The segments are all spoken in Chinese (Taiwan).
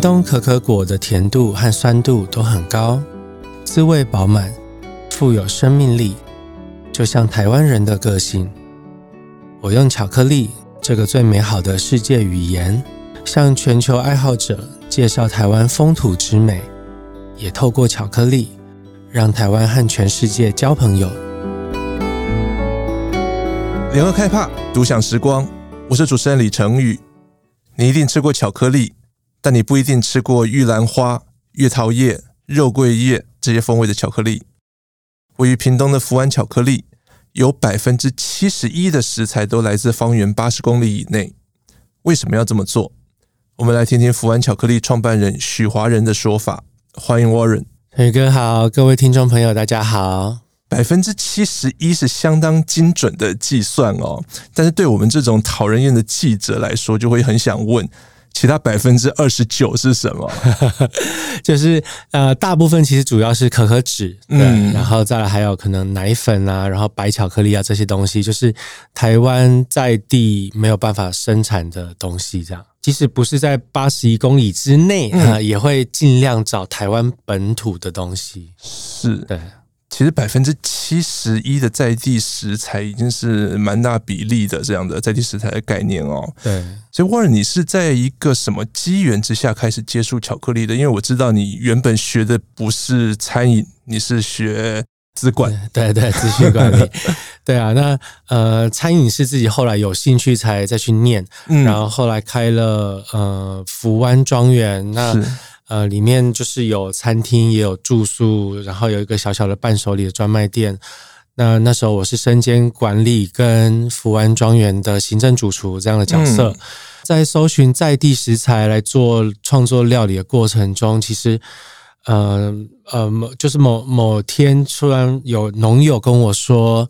東可可果，果的甜度和酸度都很高，滋味飽滿，富有生命力，就像台灣人的個性。我用巧克力這個最美好的世界語言，向全球愛好者介紹台灣風土之美，也透過巧克力讓台灣和全世界交朋友。聯合開帕讀饗時光，我是主持人李承宇。你一定吃過巧克力。但你不一定吃過玉蘭花、月桃葉、肉桂葉這些風味的巧克力。位於屏東的福灣巧克力，有百分之七十一的食材都來自方圓八十公里以內。為什麼要這麼做？我們來聽聽福灣巧克力創辦人許華仁的說法。歡迎 Warren。許哥好，各位聽眾朋友大家好。百分之七十一是相當精準的計算哦，但是對我們這種討人厭的記者來說，就會很想問。其他百分之二十九是什麼？ 就是呃，大部分其實主要是可可脂，嗯，然後再來還有可能奶粉啊，然後白巧克力啊這些東西，就是台灣在地沒有辦法生產的東西。這樣，即使不是在八十一公里之內啊，嗯呃，也會盡量找台灣本土的東西。是，對。其實百分之七十一的在地食材已經是蠻大比例的，這樣的在地食材的概念哦。對，所以我問，你是在一個什麼機緣之下開始接觸巧克力的？因為我知道你原本學的不是餐飲，你是學資管。對對，資訊管理。 對啊，那呃，餐飲是自己後來有興趣才再去念，嗯、然後後來開了呃福灣莊園。那是。呃，裡面就是有餐廳，也有住宿，然後有一個小小的伴手禮的專賣店。那那時候我是身兼管理跟福灣莊園的行政主廚這樣的角色，嗯，在搜尋在地食材來做創作料理的過程中，其實，呃呃，某就是某某天，突然有農友跟我說，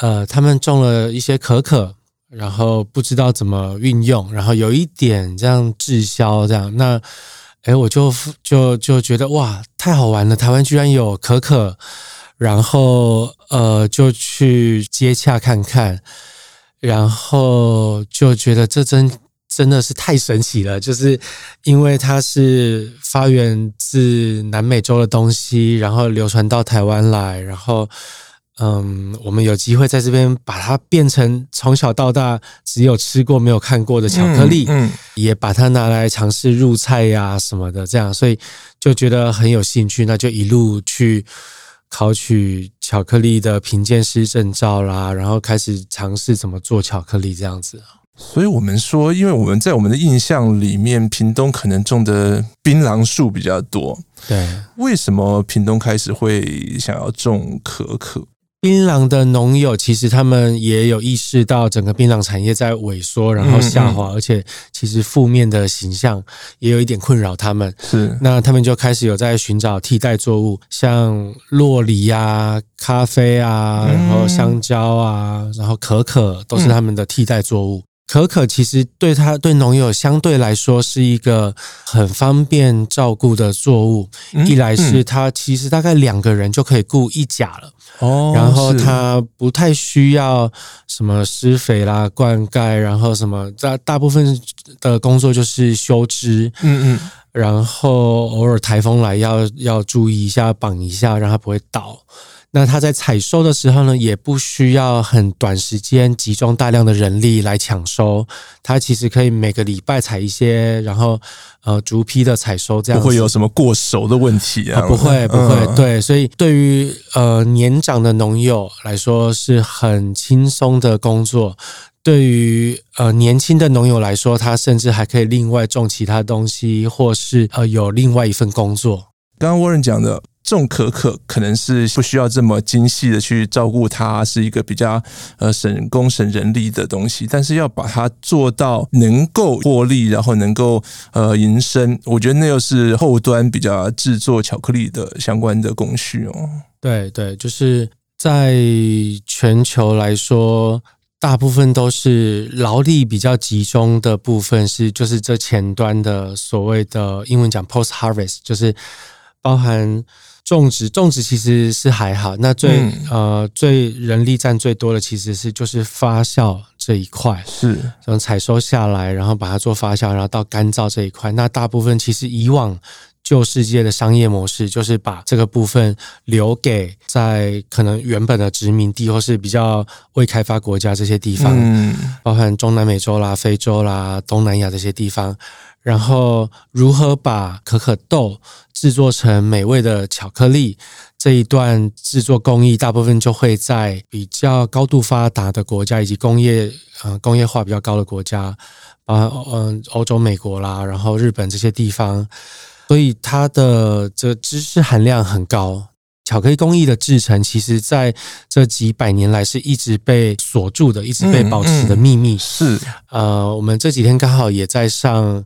呃，他們種了一些可可，然後不知道怎麼運用，然後有一點這樣滯銷，這樣那。哎，我就就就覺得哇，太好玩了！台灣居然有可可，然後呃，就去接洽看看，然後就覺得這真真的是太神奇了，就是因為它是發源自南美洲的東西，然後流傳到台灣來，然後。嗯，我們有機會在這邊把它變成從小到大只有吃過沒有看過的巧克力，嗯，嗯，也把它拿來嘗試入菜呀、啊、什麼的，這樣，所以就覺得很有興趣，那就一路去考取巧克力的評鑑師證照啦，然後開始嘗試怎麼做巧克力這樣子。所以我們說，因為我們在我們的印象裡面，屏東可能種的檳榔樹比較多，對，為什麼屏東開始會想要種可可？檳榔的農友其實他們也有意識到，整個檳榔產業在萎縮，然後下滑、嗯，而且其實負面的形象也有一點困擾他們。是，那他們就開始有在尋找替代作物，像酪梨啊、咖啡啊，然後香蕉啊，嗯、然後可可都是他們的替代作物。嗯嗯可可其實對他對農友相對來說是一個很方便照顧的作物，一來是他其實大概兩個人就可以顧一甲了，然後他不太需要什麼施肥啦、灌溉，然後什麼，大大部分的工作就是修枝，嗯嗯，然後偶爾颱風來要要注意一下，綁一下，讓它不會倒。那他在採收的時候呢，也不需要很短時間集中大量的人力來搶收，他其實可以每個禮拜採一些，然後呃逐批的採收，這樣不會有什麼過熟的問題啊、哦。不會不會，嗯，對，所以對於呃年長的農友來說是很輕鬆的工作，對於呃年輕的農友來說，他甚至還可以另外種其他東西，或是呃有另外一份工作。剛剛華仁講的。這種可可可能是不需要這麼精細的去照顧它，是一個比較呃省工省人力的東西。但是要把它做到能夠獲利，然後能夠呃延伸，我覺得那又是後端比較制作巧克力的相關的工序哦。對對，就是在全球來說，大部分都是勞力比較集中的部分是，就是這前端的所謂的英文講 post harvest，就是包含。種植種植其實是還好，那最、嗯、呃最人力占最多的其實是就是發酵這一塊，是從採收下來，然後把它做發酵，然後到乾燥這一塊。那大部分其實以往舊世界的商業模式就是把這個部分留給在可能原本的殖民地或是比較未開發國家這些地方，嗯、包含中南美洲啦、非洲啦、東南亞這些地方。然後如何把可可豆製作成美味的巧克力，這一段制作工藝大部分就會在比較高度發達的國家以及工業、呃、工業化比較高的國家，啊嗯歐洲、美國啦，然後日本這些地方，所以它的這個知識含量很高。巧克力工藝的製程，其實在這幾百年來是一直被鎖住的，一直被保持的秘密。嗯嗯、是呃，我們這幾天剛好也在上。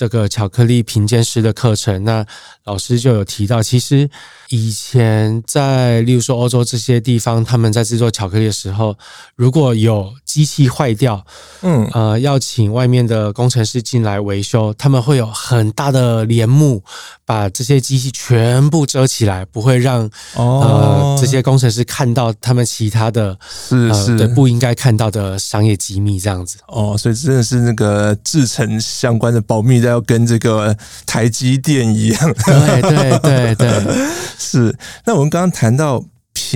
這個巧克力評鑑師的課程，那老師就有提到，其實以前在，例如說歐洲這些地方，他們在製作巧克力的時候，如果有。機器壞掉，嗯呃，要請外面的工程師進來維修，他們會有很大的簾幕把這些機器全部遮起來，不會讓、哦、呃這些工程師看到他們其他的是是、呃、不應該看到的商業機密這樣子。哦，所以真的是那個製程相關的保密，都要跟這個台積電一樣。對對對對，是。那我們剛剛談到。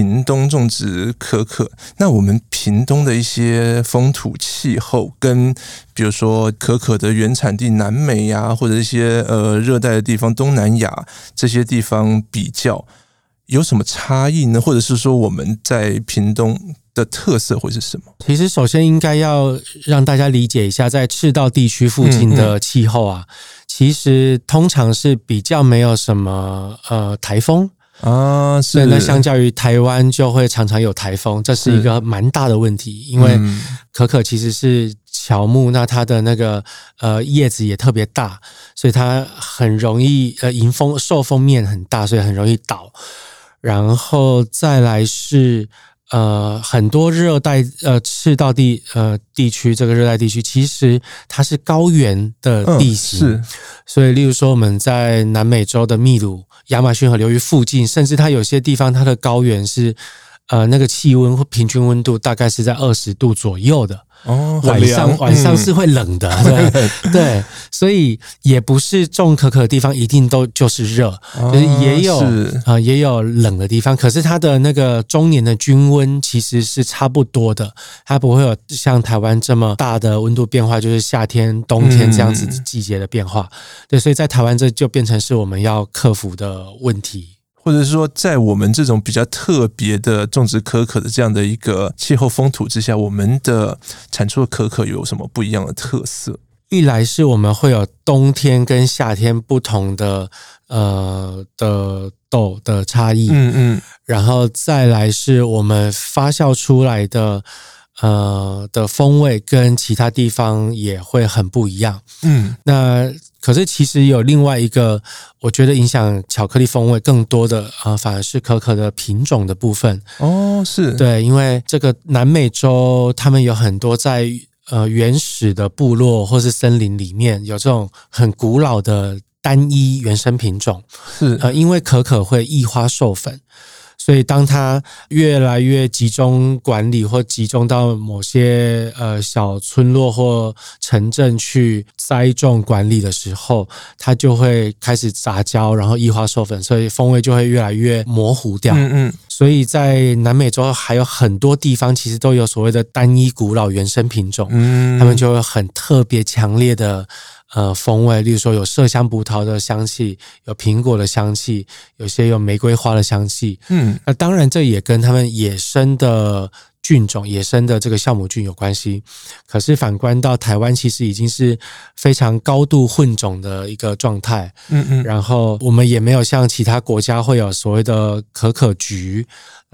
屏東種植可可，那我們屏東的一些風土氣候，跟比如說可可的原產地南美呀、啊，或者一些呃熱帶的地方、東南亞這些地方比較，有什麼差異呢？或者是說我們在屏東的特色會是什麼？其實，首先應該要讓大家理解一下，在赤道地區附近的氣候啊嗯、嗯，其實通常是比較沒有什麼呃颱風。啊，所以那相較於台灣，就會常常有颱風，這是一個蠻大的問題，嗯。因為可可其實是喬木，那它的那個呃葉子也特別大，所以它很容易呃迎風受風面很大，所以很容易倒。然後再來是呃很多熱帶呃赤道地呃地區，這個熱帶地區其實它是高原的地形。呃所以，例如說，我們在南美洲的秘魯亞馬遜河流域附近，甚至它有些地方，它的高原是。呃，那個氣溫或平均溫度大概是在二十度左右的。哦，晚上晚上是會冷的、嗯對，對，所以也不是種可可的地方一定都就是熱，哦，就是也有啊，呃，也有冷的地方。可是它的那個中年的均溫其實是差不多的，它不會有像台灣這麼大的溫度變化，就是夏天冬天這樣子季節的變化，嗯。對，所以在台灣這就變成是我們要克服的問題。或者是說，在我們這種比較特別的種植可可的這樣的一個氣候風土之下，我們的產出的可可有什麼不一樣的特色？一來是我們會有冬天跟夏天不同的呃的豆的差異，嗯嗯，然後再來是我們發酵出來的呃的風味跟其他地方也會很不一樣，嗯，那。可是，其實有另外一個，我覺得影響巧克力風味更多的，呃，反而是可可的品種的部分。哦，是，對，因為這個南美洲，他們有很多在呃原始的部落或是森林裡面有這種很古老的單一原生品種。是，呃，因為可可會異花授粉。所以，當它越來越集中管理，或集中到某些呃小村落或城鎮去栽種管理的時候，它就會開始雜交，然後異花授粉，所以風味就會越來越模糊掉。嗯嗯，所以在南美洲還有很多地方，其實都有所謂的單一古老原生品種，嗯，它們就會很特別強烈的。呃，風味，例如說有麝香葡萄的香氣，有蘋果的香氣，有些有玫瑰花的香氣，嗯，那當然這也跟他們野生的菌種、野生的這個酵母菌有關係。可是反觀到台灣，其實已經是非常高度混種的一個狀態，嗯嗯，然後我們也沒有像其他國家會有所謂的可可局。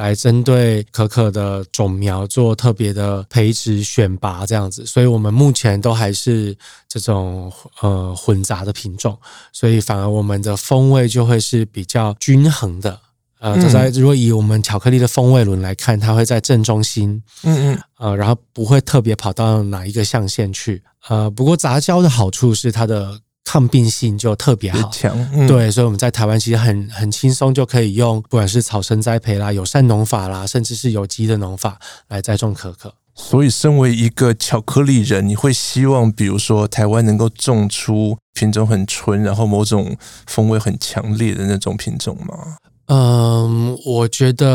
來針對可可的種苗做特別的培植選拔，這樣子，所以我們目前都還是這種呃、混雜的品種，所以反而我們的風味就會是比較均衡的，呃，就在、嗯、如果以我們巧克力的風味輪來看，它會在正中心，嗯嗯，呃，然後不會特別跑到哪一個象限去，呃，不過雜交的好處是它的。抗病性就特別好強，嗯、對，所以我們在台灣其實很很輕鬆就可以用，不管是草生栽培啦、友善農法啦，甚至是有機的農法來栽種可可。所以，身為一個巧克力人，你會希望，比如說台灣能夠種出品種很純，然後某種風味很強烈的那種品種嗎？嗯，我覺得，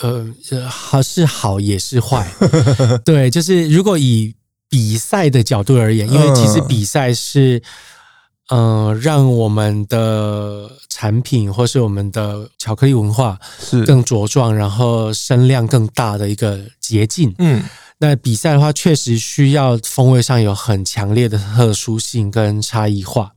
呃、嗯，還是好也是壞， 對，就是如果以。比賽的角度而言，因為其實比賽是，嗯、呃，讓我們的產品或是我們的巧克力文化更茁壯，然後聲量更大的一個捷徑。嗯，那比賽的話，確實需要風味上有很強烈的特殊性跟差異化。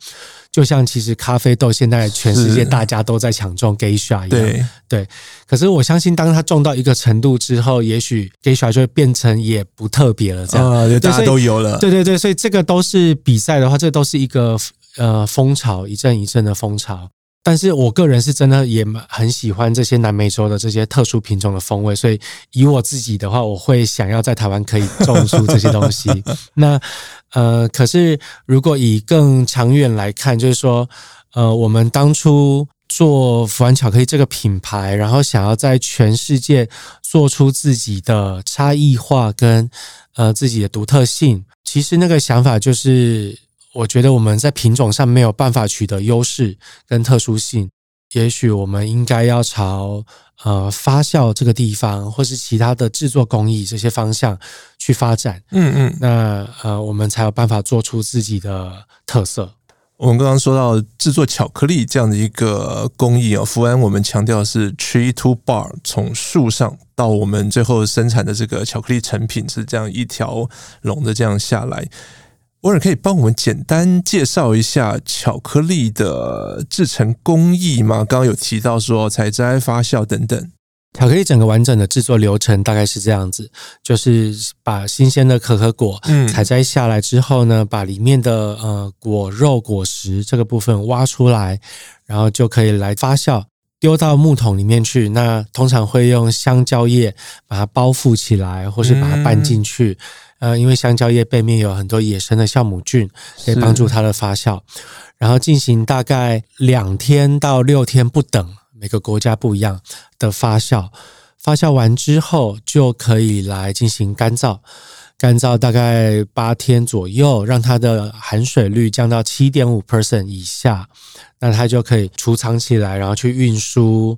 就像其實咖啡豆現在全世界大家都在搶種 Geisha 一樣對，對，可是我相信，當它種到一個程度之後，也許 Geisha 就會變成也不特別了，這樣、哦、大家都有了。對,對對對，所以這個都是比賽的話，這個、都是一個呃風潮，一陣一陣的風潮。但是我個人是真的也很喜歡這些南美洲的這些特殊品種的風味，所以以我自己的話，我會想要在台灣可以種出這些東西。 那呃，可是如果以更長遠來看，就是說，呃，我們當初做福灣巧克力這個品牌，然後想要在全世界做出自己的差異化跟呃自己的獨特性，其實那個想法就是。我覺得我們在品種上沒有辦法取得優勢跟特殊性，也許我們應該要朝呃發酵這個地方，或是其他的製作工藝這些方向去發展。嗯嗯那，那呃，我們才有辦法做出自己的特色。我們剛剛說到製作巧克力這樣的一個工藝啊，福灣我們強調是 tree to bar，從樹上到我們最後生產的這個巧克力成品是這樣一條龍的這樣下來。偶爾可以幫我們簡單介紹一下巧克力的制成工藝嗎？剛剛有提到說採摘、發酵等等，巧克力整個完整的制作流程大概是這樣子：就是把新鮮的可可果採摘下來之後呢，嗯、把裡面的呃果肉、果實這個部分挖出來，然後就可以來發酵，丟到木桶裡面去。那通常會用香蕉葉把它包覆起來，或是把它拌進去。嗯呃，因為香蕉葉背面有很多野生的酵母菌，可以幫助它的發酵。然後進行大概兩天到六天不等，每個國家不一樣的發酵。發酵完之後，就可以來進行乾燥，乾燥大概八天左右，讓它的含水率降到七點五 percent 以下。那它就可以儲藏起來，然後去運輸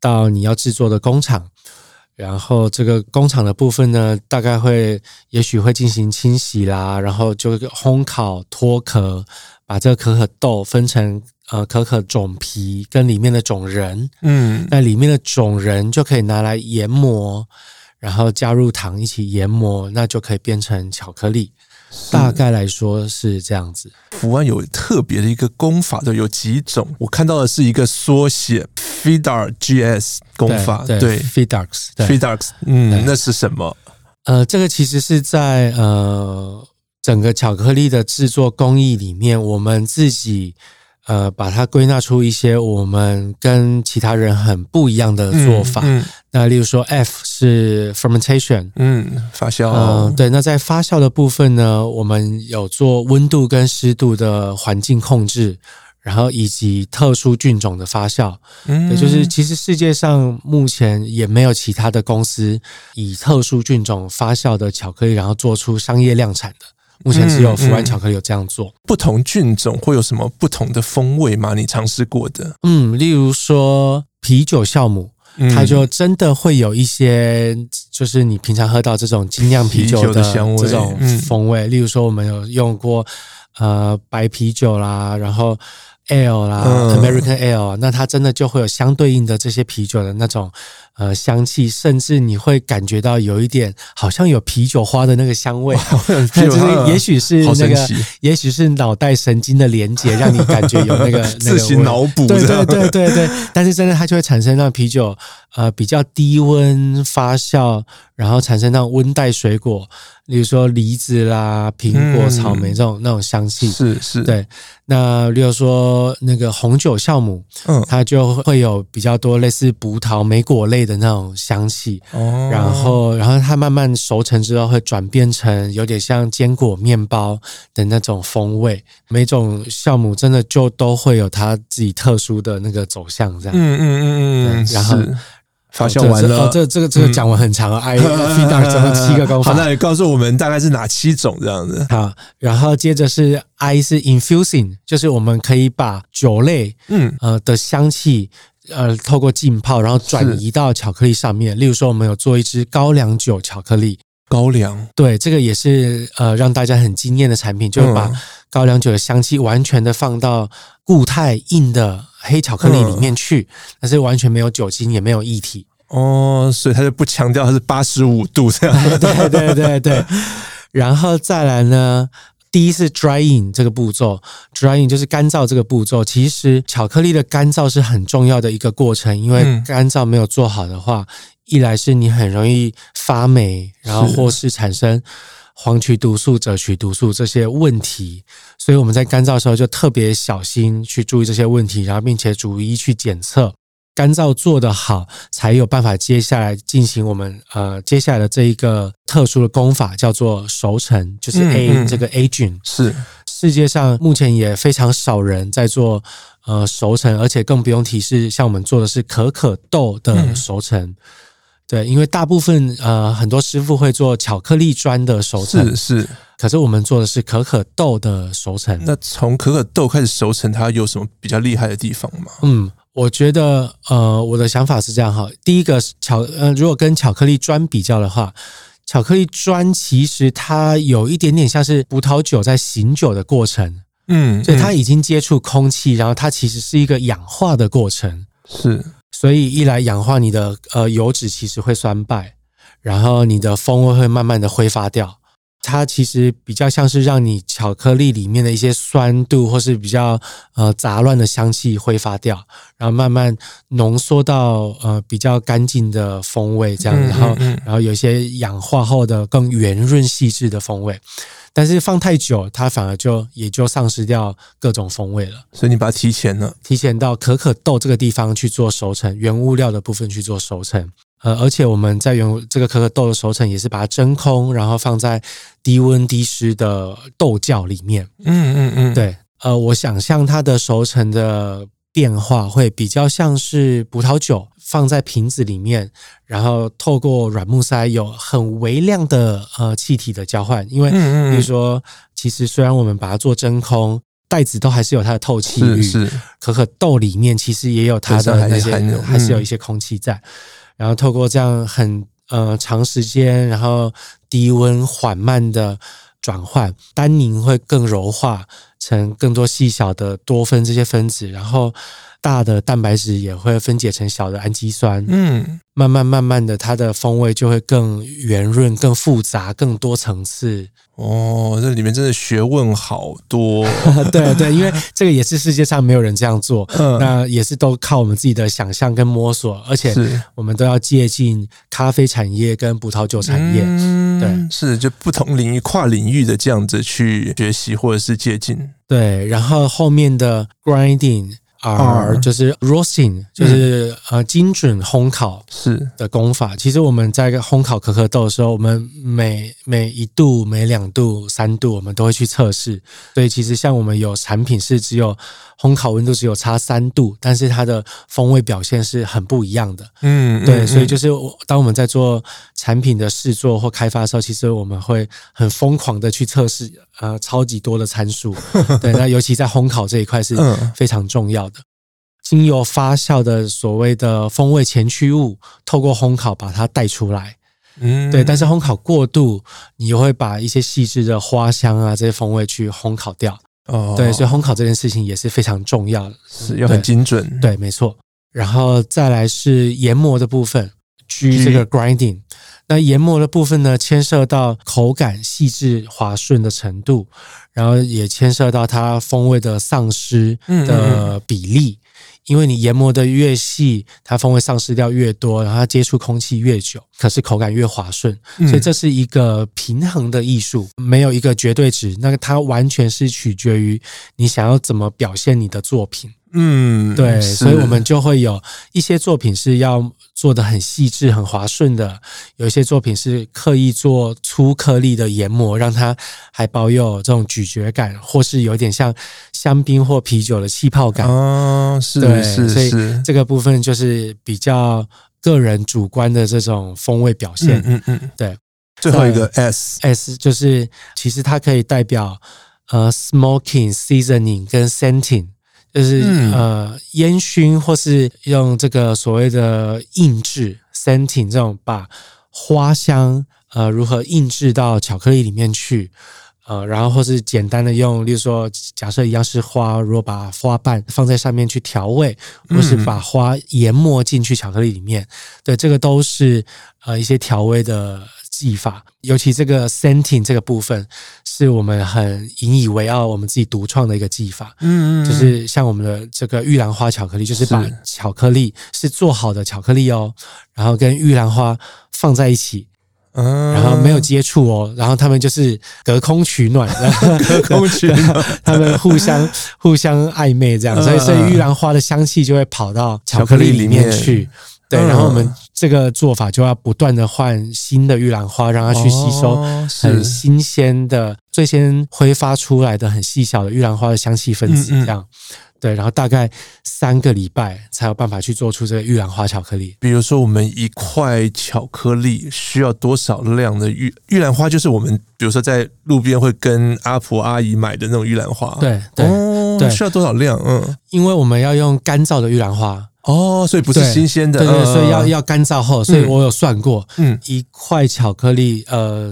到你要制作的工廠。然後這個工廠的部分呢，大概會也許會進行清洗啦，然後就烘烤脫殼，把這個可可豆分成呃可可種皮跟裡面的種仁，嗯，那裡面的種仁就可以拿來研磨，然後加入糖一起研磨，那就可以變成巧克力。大概來說是這樣子，福灣有特別的一個功法的有幾種，我看到的是一個縮寫 FIDAR GS 功法，對，對，對 FIDARX FIDARX 嗯，那是什麼？呃，這個其實是在呃整個巧克力的制作工藝裡面，我們自己。呃，把它歸納出一些我們跟其他人很不一樣的做法。嗯嗯、那例如說，F 是 fermentation，嗯，發酵。嗯、呃，對。那在發酵的部分呢，我們有做溫度跟濕度的環境控制，然後以及特殊菌種的發酵。嗯，也就是其實世界上目前也沒有其他的公司以特殊菌種發酵的巧克力，然後做出商業量產的。目前只有福灣巧克力有這樣做、嗯嗯，不同菌種會有什麼不同的風味嗎？你嘗試過的？嗯，例如說啤酒酵母，它就真的會有一些，嗯、就是你平常喝到這種精釀啤酒的,啤酒的香味這種風味。嗯、例如說，我們有用過呃白啤酒啦，然後 Ale 啦、嗯、，American Ale 那它真的就會有相對應的這些啤酒的那種。呃，香氣，甚至你會感覺到有一點，好像有啤酒花的那個香味，就、哦、是也許是那個，也許是腦袋神經的連接，讓你感覺有那個、那個、自行腦補。對對對對對， 但是真的它就會產生那啤酒呃比較低溫發酵，然後產生那種溫帶水果，比如說梨子啦、蘋果、嗯、草莓這種那種香氣。是是，對。那比如說那個紅酒酵母，它就會有比較多類似葡萄、莓果類的。的那種香氣，哦，然後，然後它慢慢熟成之後，會轉變成有點像堅果麵包的那種風味。每種酵母真的就都會有它自己特殊的那個走向，這樣。嗯嗯嗯嗯嗯。然後發酵完了，這、哦、這個、嗯這個這個、這個講完很長，I f i a r 總共七個工坊。好，那你告訴我們大概是哪七種這樣子？好，然後接着是 I、哎、是 infusing，就是我們可以把酒類，嗯呃的香氣。呃，透過浸泡，然後轉移到巧克力上面。例如說，我們有做一支高粱酒巧克力。高粱，對，這個也是呃讓大家很驚艷的產品，就是把高粱酒的香氣完全的放到固態硬的黑巧克力裡面去，嗯、但是完全沒有酒精，也沒有液體。哦，所以它就不強調它是八十五度這樣。對，對，對，對，對，然後再來呢？第一是 drying 這個步驟，drying 就是乾燥這個步驟。其實巧克力的乾燥是很重要的一個過程，因為乾燥沒有做好的話，嗯、一來是你很容易發霉，然後或是產生黃曲毒素、赭曲毒素這些問題。所以我們在乾燥的時候就特別小心去注意這些問題，然後並且逐一去檢測。乾燥做得好，才有辦法接下來進行我們呃接下來的這一個特殊的功法，叫做熟成，就是 A、嗯嗯、這個 aging 是世界上目前也非常少人在做呃熟成，而且更不用提示，像我們做的是可可豆的熟成，嗯、對，因為大部分呃很多師傅會做巧克力磚的熟成是是，可是我們做的是可可豆的熟成，那從可可豆開始熟成，它有什麼比較厲害的地方嗎？嗯。我覺得，呃，我的想法是這樣哈。第一個巧，呃，如果跟巧克力磚比較的話，巧克力磚其實它有一點點像是葡萄酒在醒酒的過程，嗯，嗯。所以它已經接觸空氣，然後它其實是一個氧化的過程，是。所以一來氧化，你的呃油脂其實會酸敗，然後你的風味會慢慢的揮發掉。它其實比較像是讓你巧克力裡面的一些酸度，或是比較呃雜亂的香氣揮發掉，然後慢慢濃縮到呃比較乾淨的風味這樣。嗯嗯嗯，然後然後有一些氧化後的更圓潤細緻的風味，但是放太久它反而就也就喪失掉各種風味了。所以你把它提前了，提前到可可豆這個地方去做熟成，原物料的部分去做熟成。呃，而且我們在用這個可可豆的熟成，也是把它真空，然後放在低溫低濕的豆窖裡面。嗯嗯嗯，對。呃，我想象它的熟成的變化會比較像是葡萄酒放在瓶子裡面，然後透過軟木塞有很微量的呃氣體的交換。因為嗯嗯嗯比如說，其實雖然我們把它做真空袋子，都還是有它的透氣率是，是，可可豆裡面其實也有它的那些，還，還，還是有一些空氣在。嗯嗯然後透過這樣很呃長時間，然後低溫緩慢的轉換，單寧會更柔化成更多細小的多酚這些分子，然後大的蛋白質也會分解成小的氨基酸，嗯，慢慢慢慢的它的風味就會更圓潤、更複雜、更多層次。哦，這裡面真的學問好多，哦， 對對，因為這個也是世界上沒有人這樣做，那也是都靠我們自己的想象跟摸索，而且我們都要接近咖啡產業跟葡萄酒產業，嗯、對，是就不同領域跨領域的這樣子去學習或者是接近，對，然後後面的 grinding。R 就是 roasting 就是呃精準烘烤是的功法。其實我們在烘烤可可豆的時候，我們每每一度、每兩度、三度，我們都會去測試。所以其實像我們有產品是只有烘烤溫度只有差三度，但是它的風味表現是很不一樣的。嗯，對。所以就是當我們在做產品的試做或開發的時候，其實我們會很瘋狂的去測試呃超級多的參數。對， 那尤其在烘烤這一塊是非常重要的。經由發酵的所謂的風味前驅物，透過烘烤把它帶出來，嗯，對。但是烘烤過度，你又會把一些細緻的花香啊這些風味去烘烤掉，哦，對。所以烘烤這件事情也是非常重要的，是，又很精準，對，對，沒錯。然後再來是研磨的部分，G，這個 grinding，G？那研磨的部分呢，牽涉到口感細致滑順的程度，然後也牽涉到它風味的喪失的比例。嗯嗯嗯因為你研磨的越細，它風味喪失掉越多，然後它接觸空氣越久，可是口感越滑順，嗯，所以這是一個平衡的藝術，沒有一個絕對值，那個它完全是取決於你想要怎麼表現你的作品。嗯，對，所以我們就會有一些作品是要做的很細緻、很滑順的，有一些作品是刻意做粗顆粒的研磨，讓它還保有這種咀嚼感，或是有點像香檳或啤酒的氣泡感。啊、哦，是,對是,是是，所以這個部分就是比較個人主觀的這種風味表現。嗯嗯,嗯，對，最後一個 S S 就是其實它可以代表呃，smoking seasoning 跟 scenting。就是、嗯、呃煙燻，或是用這個所謂的印制 scenting 這種把花香呃如何印制到巧克力裡面去，呃然後或是簡單的用，例如說假設一樣是花，如果把花瓣放在上面去調味、嗯，或是把花研磨進去巧克力裡面，對這個都是呃一些調味的。技法，尤其這個 scenting 這個部分，是我們很引以為傲，我們自己獨創的一個技法。嗯嗯，嗯，就是像我們的這個玉蘭花巧克力，就是把巧克力是，是做好的巧克力哦，然後跟玉蘭花放在一起，嗯，然後沒有接觸哦，然後他們就是隔空取暖，嗯、 隔空取暖， 他們互相互相曖昧這樣，所以所以玉蘭花的香氣就會跑到巧克力裡面去。對，然後我們這個做法就要不斷的換新的玉蘭花，讓它去吸收很新鮮的、哦、最先揮發出來的很細小的玉蘭花的香氣分子。這樣、嗯嗯，對，然後大概三個禮拜才有辦法去做出這個玉蘭花巧克力。比如說，我們一塊巧克力需要多少量的玉玉蘭花？就是我們比如說在路邊會跟阿婆阿姨買的那種玉蘭花。對對、哦、對，需要多少量？嗯，因為我們要用乾燥的玉蘭花。哦，所以不是新鮮的，對對，對對，所以要要乾燥後，所以我有算過，嗯，嗯，一塊巧克力，呃。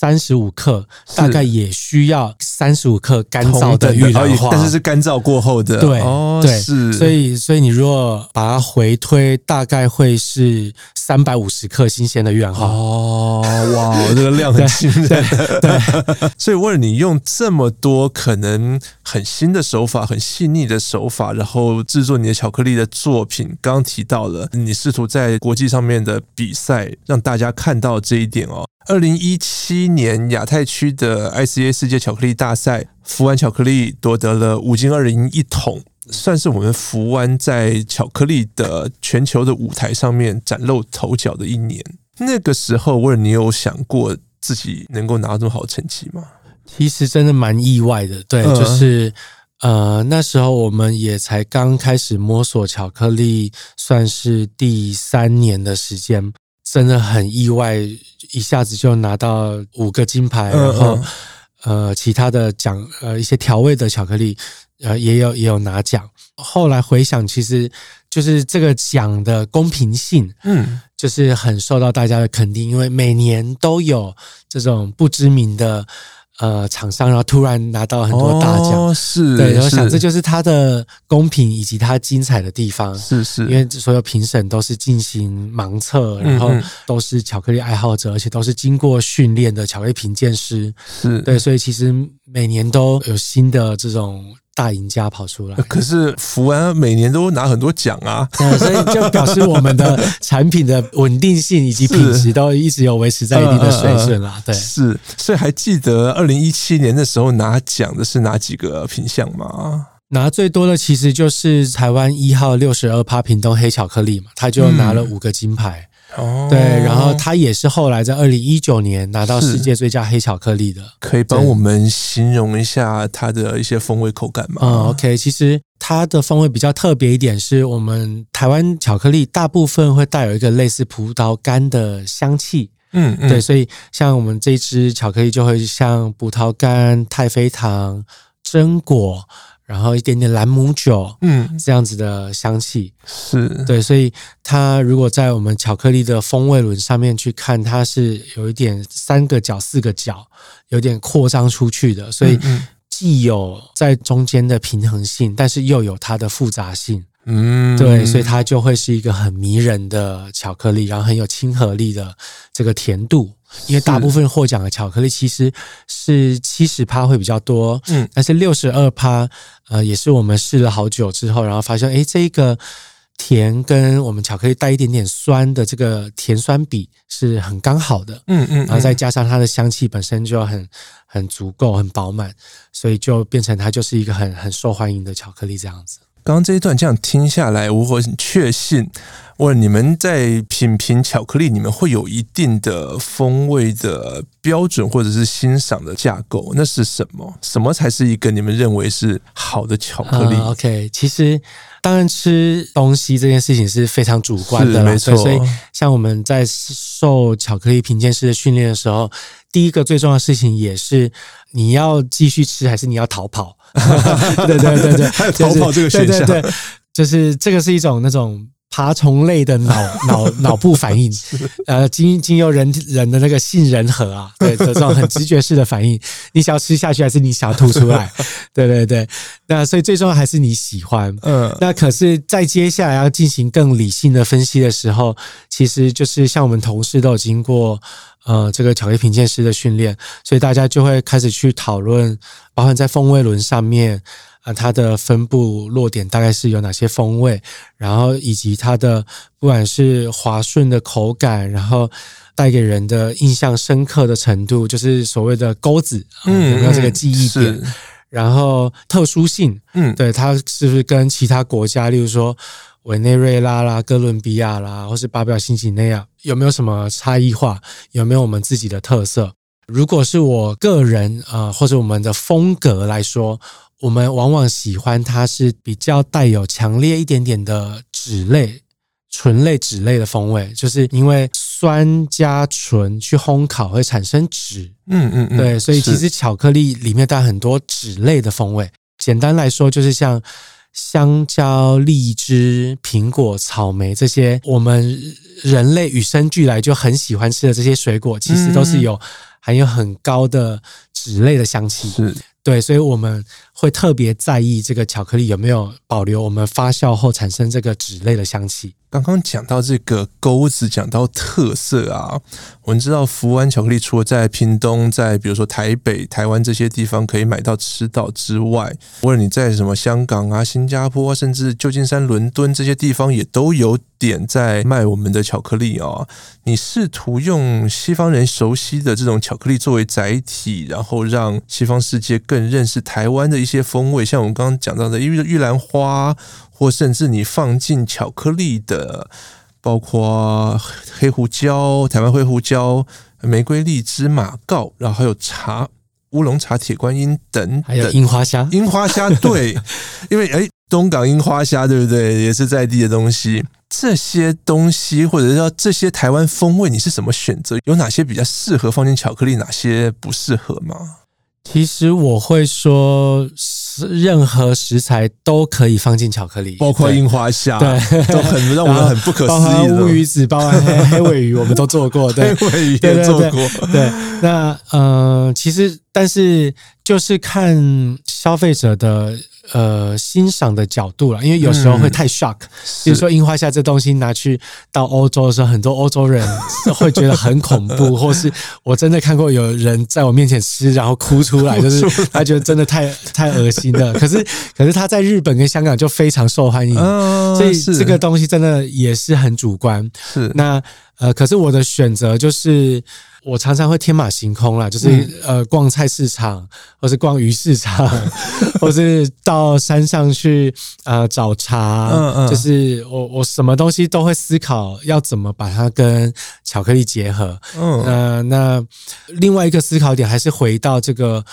三十五克，大概也需要三十五克乾燥的玉蘭花、嗯、但是是乾燥過後的對、哦。對，是。所以，所以你如果把它回推，大概會是三百五十克新鮮的玉蘭花哦，哇， 這個量很新。對。對 所以，為了你用這麼多可能很新的手法、很細膩的手法，然後製作你的巧克力的作品，剛剛提到了，你試圖在國際上面的比賽讓大家看到這一點哦。二零一七年亞太區的 ICA 世界巧克力大賽，福灣巧克力奪得了五金二銀一銅，算是我們福灣在巧克力的全球的舞台上面嶄露頭角的一年。那個時候，華仁，你有想過自己能夠拿到這麼好的成績嗎？其實真的蠻意外的，對，嗯、就是呃，那時候我們也才剛開始摸索巧克力，算是第三年的時間。真的很意外，一下子就拿到五個金牌，然後、嗯嗯、呃，其他的獎，呃，一些調味的巧克力，呃，也有也有拿獎。後來回想，其實就是這個獎的公平性，嗯，就是很受到大家的肯定，因為每年都有這種不知名的。呃，廠商然後突然拿到很多大獎。哦，是對，然後想這就是他的公平以及他精彩的地方，是是，因為所有評審都是進行盲測，然後都是巧克力愛好者，嗯、而且都是經過訓練的巧克力評鑑師，是對，所以其實每年都有新的這種。大贏家跑出來，可是福灣每年都拿很多獎啊。對，所以就表示我們的產品的穩定性以及品質都一直有維持在一定的水準啦、呃呃。對，是，所以還記得二零一七年的時候拿獎的是哪幾個品項嗎？拿最多的其實就是台灣一號六十二趴屏東黑巧克力嘛，他就拿了五個金牌。嗯哦，對，然後它也是後來在二零一九年拿到世界最佳黑巧克力的，可以幫我們形容一下它的一些風味口感嗎？嗯，OK，其實它的風味比較特別一點，是我們台灣巧克力大部分會帶有一個類似葡萄乾的香氣，嗯嗯，對，所以像我們這支巧克力就會像葡萄乾、太妃糖、榛果。然後一點點蘭姆酒，嗯，這樣子的香氣是，對，所以它如果在我們巧克力的風味輪上面去看，它是有一點三個角、四個角，有點擴張出去的，所以既有在中間的平衡性，但是又有它的複雜性，嗯，對，所以它就會是一個很迷人的巧克力，然後很有親和力的這個甜度。因為大部分獲獎的巧克力其實是七十趴會比較多，嗯，但是六十二趴，呃，也是我們試了好久之後，然後發現，誒，這個甜跟我們巧克力帶一點點酸的這個甜酸比是很剛好的，嗯嗯，嗯，然後再加上它的香氣本身就很很足夠、很飽滿，所以就變成它就是一個很很受歡迎的巧克力這樣子。剛剛這一段這樣聽下來，我會確信，問你們在品評巧克力，你們會有一定的風味的標準，或者是欣賞的架構，那是什麼？什麼才是一個你們認為是好的巧克力？uh, OK，其實當然吃東西這件事情是非常主觀的，沒錯。所以像我們在受巧克力評鑑師的訓練的時候，第一個最重要的事情也是，你要繼續吃還是你要逃跑？ 對對對對， 還有逃跑這個學校，對對對，就是這個是一種那種。爬蟲類的腦腦腦部反應， 呃，經經由人人的那個杏仁核啊，對，這種很直覺式的反應，你想要吃下去還是你想要吐出來？ 對對對，那所以最重要還是你喜歡，嗯， 那可是，在接下來要進行更理性的分析的時候，其實就是像我們同事都有經過呃這個巧克力品鑑師的訓練，所以大家就會開始去討論，包含在風味輪上面。啊，它的分布落點大概是有哪些風味，然後以及它的不管是滑順的口感，然後帶給人的印象深刻的程度，就是所謂的鈎子，嗯，嗯有沒有這個記憶點？然後特殊性，嗯，對，它是不是跟其他國家，例如說委內瑞拉啦、哥倫比亞啦，或是巴布亞紐幾內亞，有沒有什麼差異化？有沒有我們自己的特色？如果是我個人啊、呃，或者我們的風格來說。我們往往喜歡它是比較帶有強烈一點點的酯類、醇類、酯類的風味，就是因為酸加醇去烘烤會產生酯，嗯嗯嗯，對，所以其實巧克力裡面帶很多酯類的風味。簡單來說，就是像香蕉、荔枝、蘋果、草莓這些我們人類與生俱來就很喜歡吃的這些水果，其實都是有含、嗯嗯、有很高的酯類的香氣，是對，所以我們。會特別在意這個巧克力有沒有保留我們發酵後產生這個脂類的香氣。剛剛講到這個鈎子，講到特色啊，我們知道福灣巧克力除了在屏東，在比如說台北、台灣這些地方可以買到吃到之外，無論你在什麼香港啊、新加坡啊，甚至舊金山、倫敦這些地方也都有點在賣我們的巧克力啊、哦。你試圖用西方人熟悉的這種巧克力作為載體，然後讓西方世界更認識台灣的一些。些風味，像我們剛剛講到的，因為玉蘭花，或甚至你放進巧克力的，包括黑胡椒、台灣黑胡椒、玫瑰、荔枝、馬告，然後還有茶、烏龍茶、鐵觀音等等，還有櫻花蝦、櫻花蝦，對，因為哎，東港櫻花蝦對不對？也是在地的東西。這些東西或者說這些台灣風味，你是怎麼選擇？有哪些比較適合放進巧克力？哪些不適合嗎？其實我會說，任何食材都可以放進巧克力，包括櫻花蝦，對，對 都很讓我們很不可思議的烏魚子，包黑 黑鮪魚，我們都做過，對， 黑鮪魚也做過對對對，對。那呃，其實但是就是看消費者的。呃，欣賞的角度了，因為有時候會太 shock、嗯。比如說，櫻花蝦這東西拿去到歐洲的時候，很多歐洲人會覺得很恐怖， 或是我真的看過有人在我面前吃，然後哭出來，出來就是他覺得真的太太噁心了。可是，可是他在日本跟香港就非常受歡迎，哦、所以這個東西真的也是很主觀。是那。呃，可是我的選擇就是，我常常會天馬行空啦，就是、嗯、呃，逛菜市場，或是逛魚市場， 或是到山上去呃找茶，嗯嗯就是我我什麼東西都會思考，要怎麼把它跟巧克力結合。嗯，嗯、呃，那另外一個思考點還是回到這個。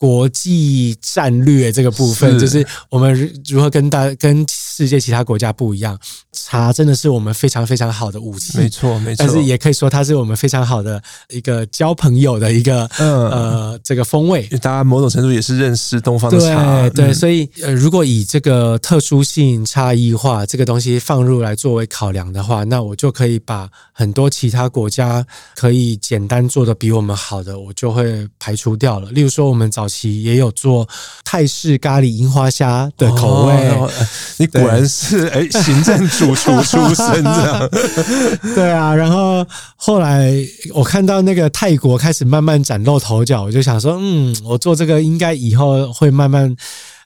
國際戰略這個部分，就是我們如何跟大跟世界其他國家不一樣。茶真的是我們非常非常好的武器，沒錯沒錯。但是也可以說，它是我們非常好的一個交朋友的一個、嗯、呃，這個風味。大家某種程度也是認識東方的茶，對。對嗯、所以呃，如果以這個特殊性差異化這個東西放入來作為考量的話，那我就可以把很多其他國家可以簡單做得比我們好的，我就會排除掉了。例如說，我們早。也有做泰式咖喱櫻花蝦的口味。哦，哎，你果然是哎行政主廚出身這樣 對啊。然後後來我看到那個泰國開始慢慢嶄露頭角，我就想說，嗯，我做這個應該以後會慢慢。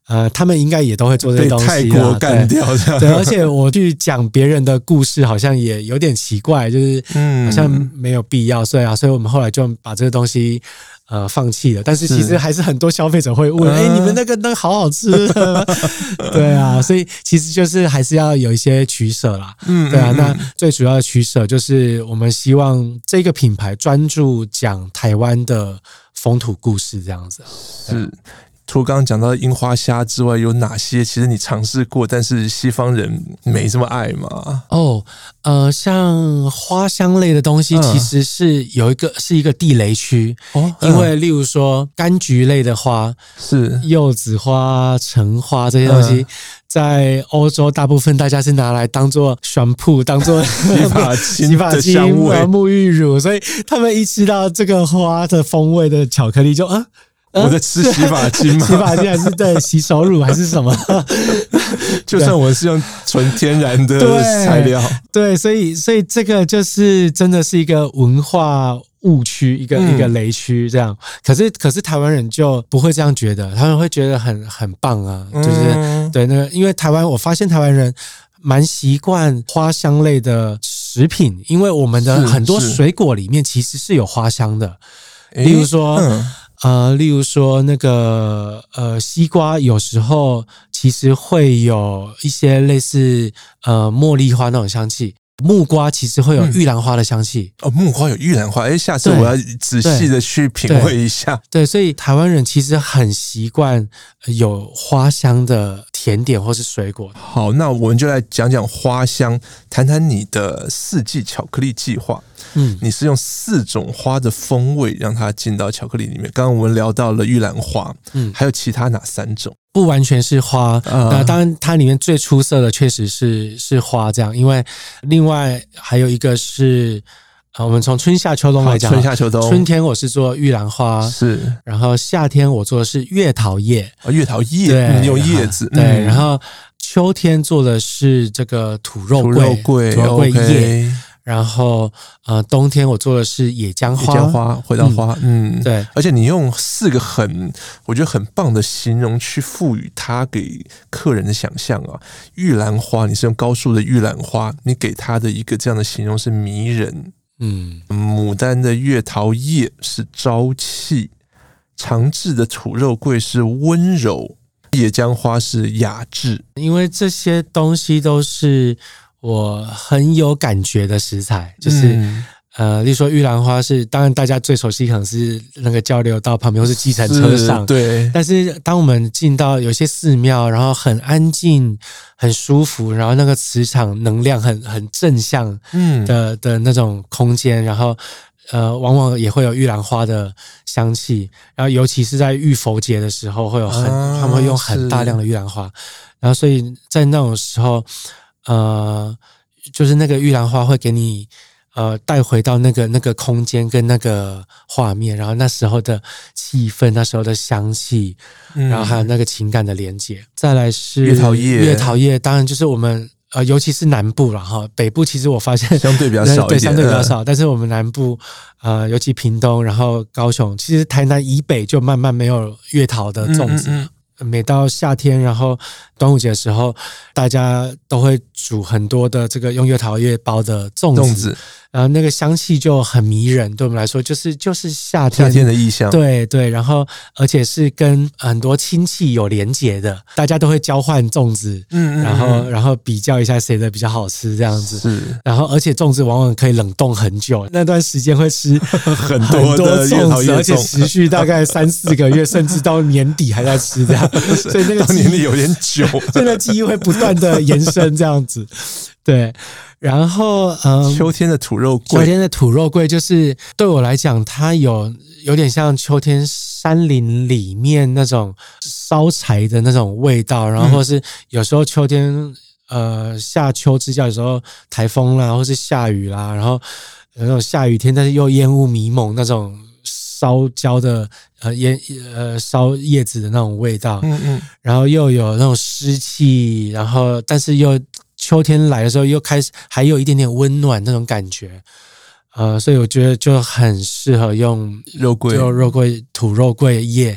呃，他們應該也都會做這些東西，太過幹掉這樣。對，對，而且我去講別人的故事，好像也有點奇怪，就是好像沒有必要，所以啊，所以我們後來就把這個東西呃放棄了。但是其實還是很多消費者會問，哎、欸，你們那個那個，好好吃， 對啊，所以其實就是還是要有一些取舍啦，對啊，那最主要的取舍就是我們希望這個品牌專注講台灣的風土故事，這樣子是。除剛剛講到櫻花蝦之外，有哪些其實你嘗試過，但是西方人沒這麼愛嗎？哦，呃，像花香類的東西，其實是有一個、嗯、是一個地雷區、哦，因為例如說柑橘類的花，是柚子花、橙花這些東西，嗯、在歐洲大部分大家是拿來當做 shampoo，當做洗髮洗髮精、沐浴乳，所以他們一吃到這個花的風味的巧克力就，就啊。我在吃洗髮精， 洗髮精還是在洗手乳還是什麼？ 就算我是用純天然的材料，對，對，所以所以這個就是真的是一個文化誤區，一個、嗯、一個雷區這樣。可是可是台灣人就不會這樣覺得，他們會覺得很很棒啊，就是、嗯、對那個，因為台灣我發現台灣人蠻習慣花香類的食品，因為我們的很多水果裡面其實是有花香的，是是例如說。嗯呃，例如說那個呃，西瓜有時候其實會有一些類似呃茉莉花那種香氣，木瓜其實會有玉蘭花的香氣，嗯。哦，木瓜有玉蘭花，哎，欸，下次我要仔細的去品味一下。對，對對，所以台灣人其實很習慣有花香的甜點或是水果。好，那我們就來講講花香，談談你的四季巧克力計劃。嗯，你是用四種花的風味讓它進到巧克力裡面。剛剛我們聊到了玉蘭花，嗯，還有其他哪三種？不完全是花，嗯，那當然它裡面最出色的確實是是花這樣，因為另外還有一個是啊，我們從春夏秋冬來講，春夏秋冬，春天我是做玉蘭花，是，然後夏天我做的是月桃葉，哦，月桃葉，用葉子，嗯，對，然後秋天做的是這個土肉桂，土肉桂葉。Okay 然後，呃，冬天我做的是野薑花、野薑花，回到花，嗯，嗯，對。而且你用四個很我覺得很棒的形容去賦予它給客人的想象啊。玉蘭花，你是用高樹的玉蘭花，你給他的一個這樣的形容是迷人，嗯。牡丹的月桃葉是朝氣，長治的土肉桂是溫柔，野薑花是雅致，因為這些東西都是。我很有感覺的食材，就是、嗯、呃，例如說玉蘭花是，當然大家最熟悉可能是那個交流道旁邊或是計程車上，對。但是當我們進到有些寺廟，然後很安靜、很舒服，然後那個磁場能量很很正向的、嗯，的的那種空間，然後呃，往往也會有玉蘭花的香氣。然後尤其是在浴佛節的時候，會有很、啊、他們會用很大量的玉蘭花。然後所以在那種時候。呃，就是那個玉蘭花會給你呃帶回到那個那個空間跟那個畫面，然後那時候的氣氛，那時候的香氣，嗯、然後還有那個情感的連接。再來是月桃葉，月桃葉當然就是我們呃，尤其是南部啦哈，然後北部其實我發現相對比較少，對，相對比較少。嗯、但是我們南部呃，尤其屏東，然後高雄，其實台南以北就慢慢沒有月桃的種植。嗯嗯嗯每到夏天，然後端午節的時候，大家都會煮很多的這個用月桃葉包的粽子。然後那個香氣就很迷人，對我們來說就是就是夏天夏天的意象，對對。然後而且是跟很多親戚有連接的，大家都會交換粽子，嗯嗯，然後然後比較一下誰的比較好吃這樣子。然後而且粽子往往可以冷凍很久，那段時間會吃很多的粽子很的越好越，而且持續大概三四個月， 甚至到年底還在吃這樣。所以那個年歷有點久，現在記憶會不斷的延伸這樣子，對。然後，嗯，秋天的土肉桂，秋天的土肉桂就是對我來講，它有有點像秋天山林裡面那種燒柴的那種味道，然後是有時候秋天，呃，夏秋之交的時候，台風啦，或是下雨啦，然後有那種下雨天，但是又煙霧迷蒙那種燒焦的呃煙呃燒葉子的那種味道，嗯嗯，然後又有那種濕氣，然後但是又。秋天來的時候，又開始還有一點點溫暖那種感覺，呃，所以我覺得就很適合用肉桂，就肉桂、土肉桂葉，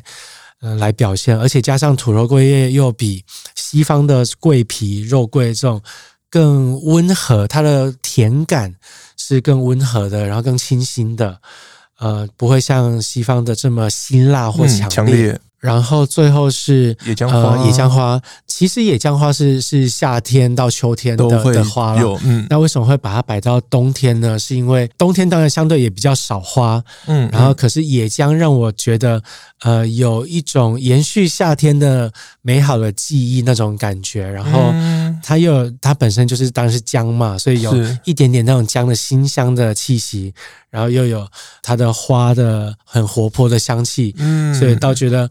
呃，來表現。而且加上土肉桂葉，又比西方的桂皮、肉桂這種更溫和，它的甜感是更溫和的，然後更清新的，呃，不會像西方的這麼辛辣或強烈，嗯。然後最後是野薑花、啊呃、花，野薑花其實野薑花是是夏天到秋天的，都會有的花，有嗯，那為什麼會把它擺到冬天呢？是因為冬天當然相對也比較少花，嗯，然後可是野薑讓我覺得呃有一種延續夏天的美好的記憶那種感覺，然後它又它本身就是當然是薑嘛，所以有一點點那種薑的辛香的氣息，然後又有它的花的很活潑的香氣，嗯，所以倒覺得。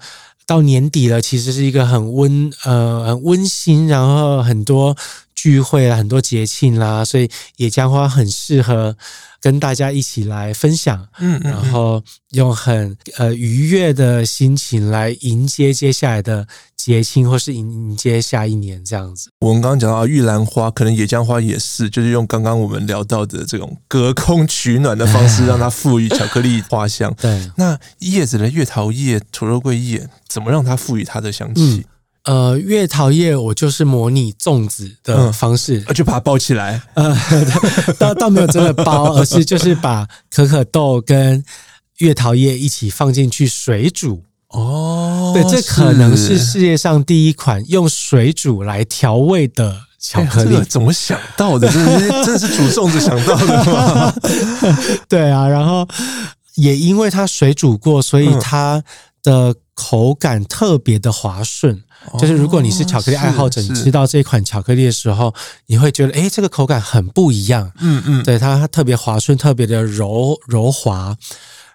到年底了，其實是一個很溫，呃，很溫馨，然後很多。聚會啊，很多節慶啦，所以野薑花很適合跟大家一起來分享，嗯，嗯然後用很呃愉悅的心情來迎接接下來的節慶，或是迎迎接下一年這樣子。我們剛剛講到玉蘭花，可能野薑花也是，就是用剛剛我們聊到的這種隔空取暖的方式，啊、讓它賦予巧克力花香。對，那葉子的月桃葉、土肉桂葉，怎麼讓它賦予它的香氣？嗯呃，月桃葉，我就是模擬粽子的方式，就、嗯、把它包起來。倒、呃、倒沒有真的包， 而是就是把可可豆跟月桃葉一起放進去水煮。哦，對，這可能是世界上第一款用水煮來調味的巧克力。哎這個、怎麼想到的？是不是，真的是煮粽子想到的嗎？ 對啊，然後也因為它水煮過，所以它的口感特別的滑順。就是如果你是巧克力愛好者，哦、你吃到這款巧克力的時候，你會覺得，哎、欸，這個口感很不一樣。嗯嗯，對，它特別滑順，特別的柔柔滑，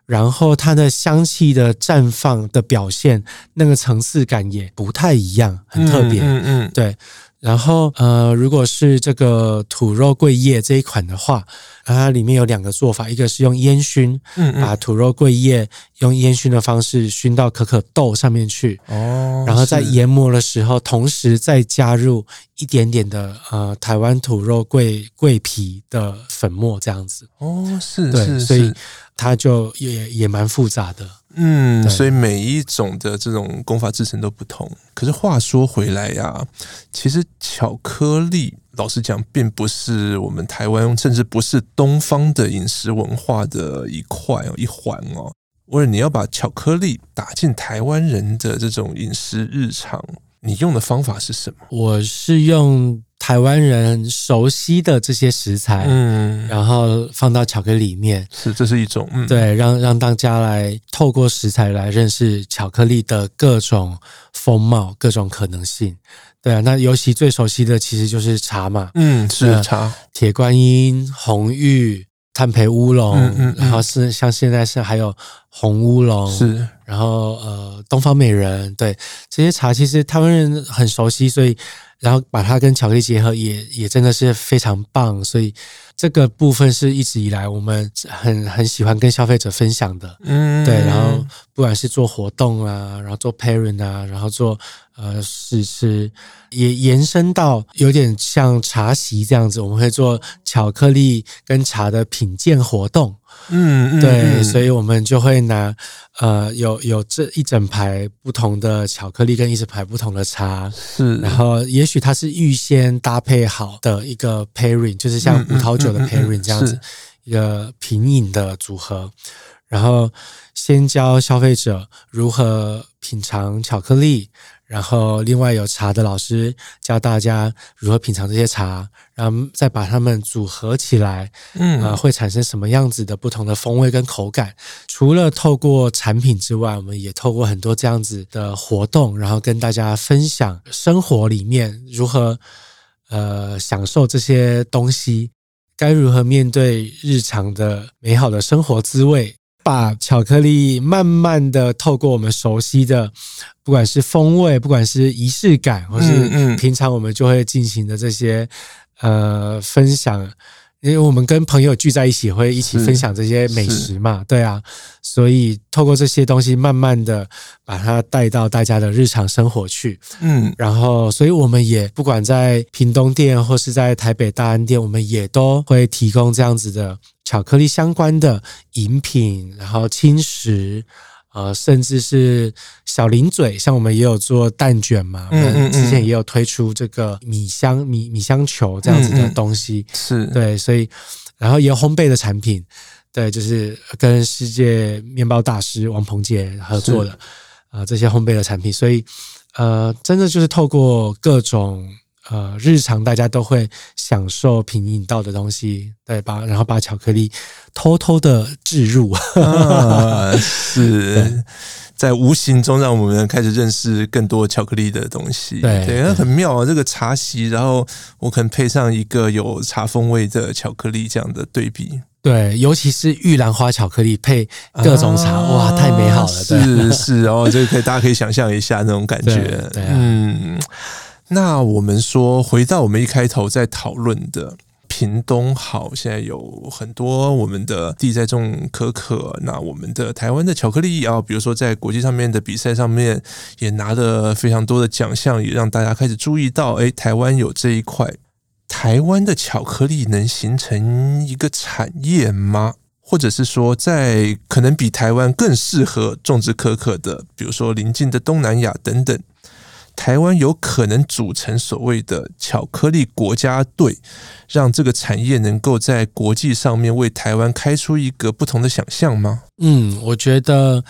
然後它的香氣的綻放的表現，那個層次感也不太一樣，很特別。嗯嗯，嗯，對。然後，呃，如果是這個土肉桂葉這一款的話，它裡面有兩個做法，一個是用煙燻，嗯，嗯，把土肉桂葉用煙燻的方式燻到可可豆上面去，哦，然後在研磨的時候，同時再加入一點點的呃台灣土肉桂桂皮的粉末，這樣子，哦，是，是，是，對，所以它就也也蠻複雜的。嗯，所以每一種的這種功法製程都不同。可是話說回來呀，啊，其實巧克力，老實講，並不是我們台灣，甚至不是東方的飲食文化的一塊哦，一環哦。為了你要把巧克力打進台灣人的這種飲食日常，你用的方法是什麼？我是用。台灣人熟悉的這些食材，嗯，然後放到巧克力裡面，是，這是一種，嗯、對，讓讓大家來透過食材來認識巧克力的各種風貌、各種可能性，對啊，那尤其最熟悉的其實就是茶嘛，嗯，是，是啊，茶，鐵觀音、紅玉。炭焙烏龍、嗯嗯嗯，然後是像現在是還有紅烏龍，是然後呃東方美人，對這些茶其實台灣人很熟悉，所以然後把它跟巧克力結合也也真的是非常棒，所以這個部分是一直以來我們很很喜歡跟消費者分享的，嗯，嗯，對，然後不管是做活動啊，然後做 parent 啊，然後做。呃，是是，也延伸到有點像茶席這樣子，我們會做巧克力跟茶的品鑑活動。嗯嗯，對，所以我們就會拿呃，有有這一整排不同的巧克力跟一整排不同的茶，是。然後也許它是預先搭配好的一個 pairing，就是像葡萄酒的 pairing 這樣子，嗯嗯嗯，一個品飲的組合。然後先教消費者如何品嘗巧克力，然後另外有茶的老師教大家如何品嘗這些茶，然後再把它們組合起來，嗯，啊、呃，會產生什麼樣子的不同的風味跟口感？除了透過產品之外，我們也透過很多這樣子的活動，然後跟大家分享生活裡面如何呃享受這些東西，該如何面對日常的美好的生活滋味。把巧克力慢慢的透過我們熟悉的，不管是風味，不管是儀式感，或是平常我們就會進行的這些呃分享。因為我們跟朋友聚在一起，會一起分享這些美食嘛，對啊，所以透過這些東西，慢慢的把它帶到大家的日常生活去，嗯，然後，所以我們也不管在屏東店或是在台北大安店，我們也都會提供這樣子的巧克力相關的飲品，然後輕食。嗯呃，甚至是小零嘴，像我們也有做蛋捲嘛，我、嗯、們、嗯嗯、之前也有推出這個米香米米香球這樣子的東西，嗯嗯，是，對，所以然後也有烘焙的產品，對，就是跟世界麵包大師王鵬杰合作的啊、呃，這些烘焙的產品，所以呃，真的就是透過各種。呃，日常大家都會享受品飲到的東西，對吧？然後把巧克力偷偷的置入，啊、是在無形中讓我們開始認識更多巧克力的東西。對，對對，那很妙啊！這個茶席，然後我可能配上一個有茶風味的巧克力，這樣的對比，對，尤其是玉蘭花巧克力配各種茶，啊、哇，太美好了！是是，然後、哦、這個、可以，大家可以想象一下那種感覺，對對啊、嗯。那我們說，回到我們一開頭在討論的屏東，好，現在有很多我們的地在種可可。那我們的台灣的巧克力啊，比如說在國際上面的比賽上面也拿了非常多的獎項，也讓大家開始注意到，哎、欸，台灣有這一塊，台灣的巧克力能形成一個產業嗎？或者是說，在可能比台灣更適合種植可可的，比如說鄰近的東南亞等等。台灣有可能組成所謂的巧克力國家隊，讓這個產業能夠在國際上面為台灣開出一個不同的想象嗎？嗯，我覺得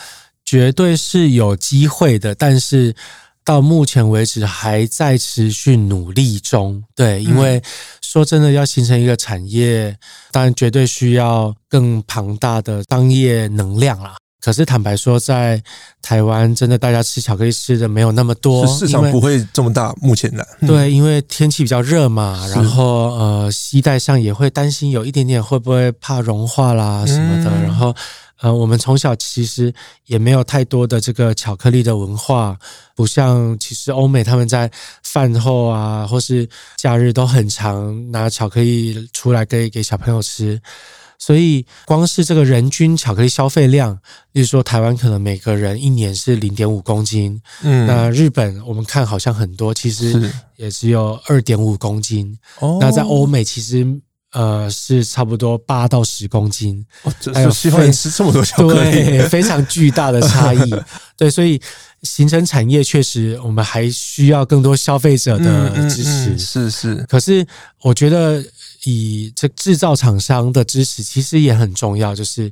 絕對是有機會的，但是到目前為止還在持續努力中。對，因為說真的，要形成一個產業，當然絕對需要更龐大的商業能量啦、啊。可是坦白說，在台灣，真的大家吃巧克力吃的沒有那麼多，是市場不會這麼大。目前的。對，因為天氣比較熱嘛，然後呃，攜帶上也會擔心有一點點會不會怕融化啦什麼的。嗯、然後呃，我們從小其實也沒有太多的這個巧克力的文化，不像其實歐美他們在飯後啊或是假日都很常拿巧克力出來給給小朋友吃。所以，光是這個人均巧克力消費量，例如說台灣可能每個人一年是零點五公斤，嗯，那日本我們看好像很多，其實也只有二點五公斤。哦，那在歐美其實呃是差不多八到十公斤。哦，西方人吃這麼多巧克力，對，非常巨大的差異。 對，所以形成產業確實，我們還需要更多消費者的支持。嗯嗯嗯、是是，可是我覺得。以這製造廠商的支持其實也很重要，就是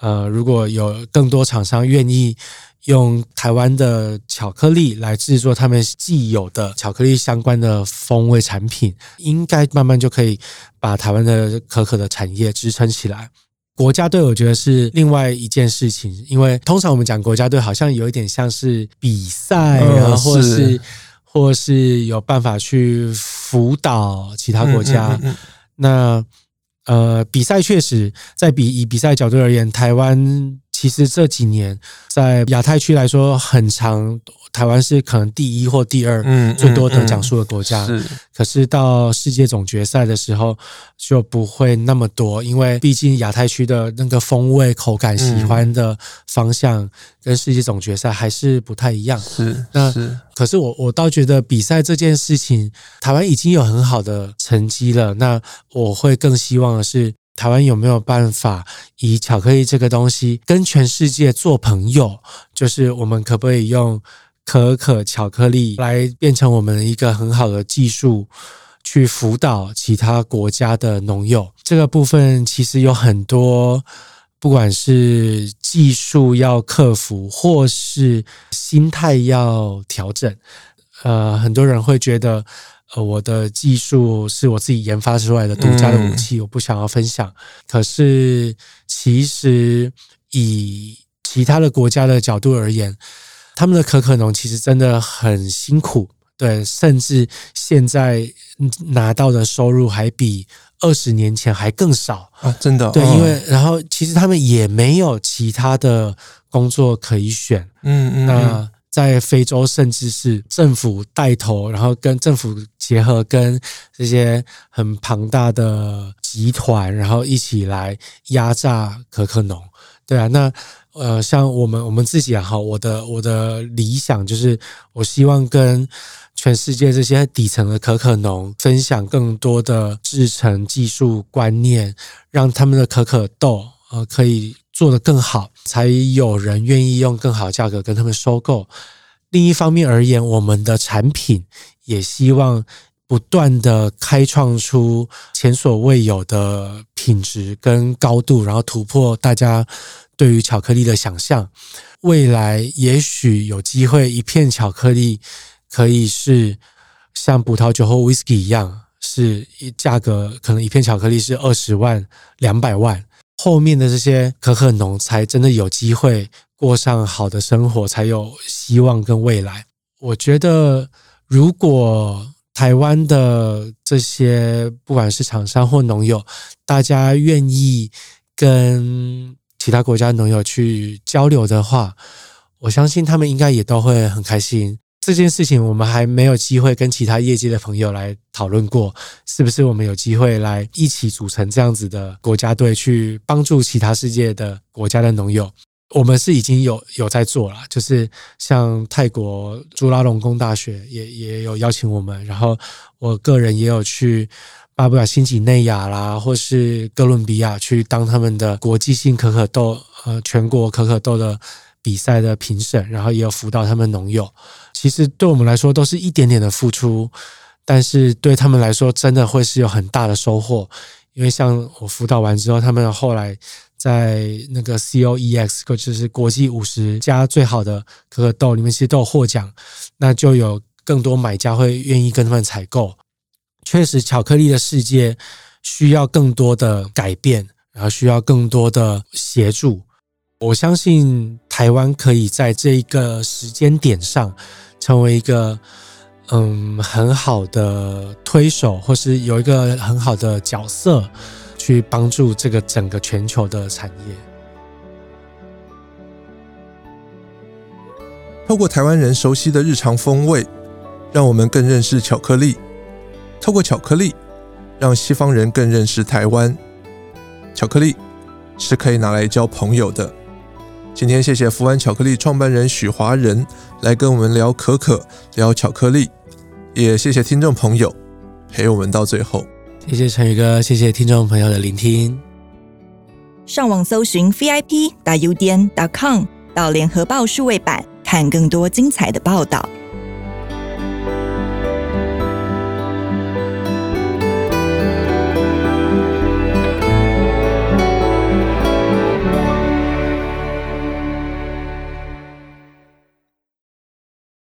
呃，如果有更多廠商願意用台灣的巧克力來製作他們既有的巧克力相關的風味產品，應該慢慢就可以把台灣的可可的產業支撐起來。國家隊，我覺得是另外一件事情，因為通常我們講國家隊，好像有一點像是比賽啊、哦，或是或是有辦法去輔導其他國家。嗯嗯嗯那，呃，比賽確實在比，以比賽角度而言，台灣。其實這幾年在亞太區來說很長，台灣是可能第一或第二最多得獎數的國家。是，可是到世界總決賽的時候就不會那麼多，因為畢竟亞太區的那個風味、口感、喜歡的方向跟世界總決賽還是不太一樣。是，是。可是我我倒覺得比賽這件事情，台灣已經有很好的成績了。那我會更希望的是。台灣有沒有辦法以巧克力這個東西跟全世界做朋友？就是我們可不可以用可可巧克力來變成我們一個很好的技術，去輔導其他國家的農友？這個部分其實有很多，不管是技術要克服，或是心態要調整。呃，很多人會覺得。我的技術是我自己研發出來的獨家的武器，嗯、我不想要分享。可是，其實以其他的國家的角度而言，他們的可可農其實真的很辛苦，對，甚至現在拿到的收入還比二十年前還更少啊！真的、哦，對，因為然後其實他們也沒有其他的工作可以選，嗯嗯、嗯那。那在非洲，甚至是政府帶頭，然後跟政府結合，跟這些很龐大的集團，然後一起來壓榨可可農，對啊，那呃，像我們我們自己也好，我的我的理想就是，我希望跟全世界這些底層的可可農分享更多的制程技術觀念，讓他們的可可豆呃可以。做得更好，才有人願意用更好的價格跟他們收購。另一方面而言，我們的產品也希望不斷地開創出前所未有的品質跟高度，然後突破大家對於巧克力的想象。未來也許有機會，一片巧克力可以是像葡萄酒或 whisky 一樣，是一價格可能一片巧克力是二十萬兩百萬。200萬後面的這些可可農才真的有機會過上好的生活，才有希望跟未來。我覺得，如果台灣的這些不管是廠商或農友，大家願意跟其他國家農友去交流的話，我相信他們應該也都會很開心。這件事情我們還沒有機會跟其他業界的朋友來討論過，是不是？我們有機會來一起組成這樣子的國家隊，去幫助其他世界的國家的農友。我們是已經有有在做啦，就是像泰國朱拉隆功大學也也有邀請我們，然後我個人也有去巴布亞新幾內亞啦，或是哥倫比亞去當他們的國際性可可豆，呃，全國可可豆的。比賽的評審，然後也有輔導他們農友，其實對我們來說都是一點點的付出，但是對他們來說真的會是有很大的收穫。因為像我輔導完之後，他們後來在那個 COEX，就是國際五十家最好的可可豆裡面，其實都有獲獎。那就有更多買家會願意跟他們採購。確實，巧克力的世界需要更多的改變，然後需要更多的協助。我相信。台灣可以在這一個時間點上，成為一個嗯很好的推手，或是有一個很好的角色，去幫助這個整個全球的產業。透過台灣人熟悉的日常風味，讓我們更認識巧克力；透過巧克力，讓西方人更認識台灣。巧克力是可以拿來交朋友的。今天謝謝福灣巧克力創辦人許華仁來跟我們聊可可，聊巧克力，也謝謝聽眾朋友陪我們到最後。謝謝鎮宇哥，謝謝聽眾朋友的聆聽。上網搜尋 VIP 大 UDN dot COM 到聯合報數位版，看更多精彩的報道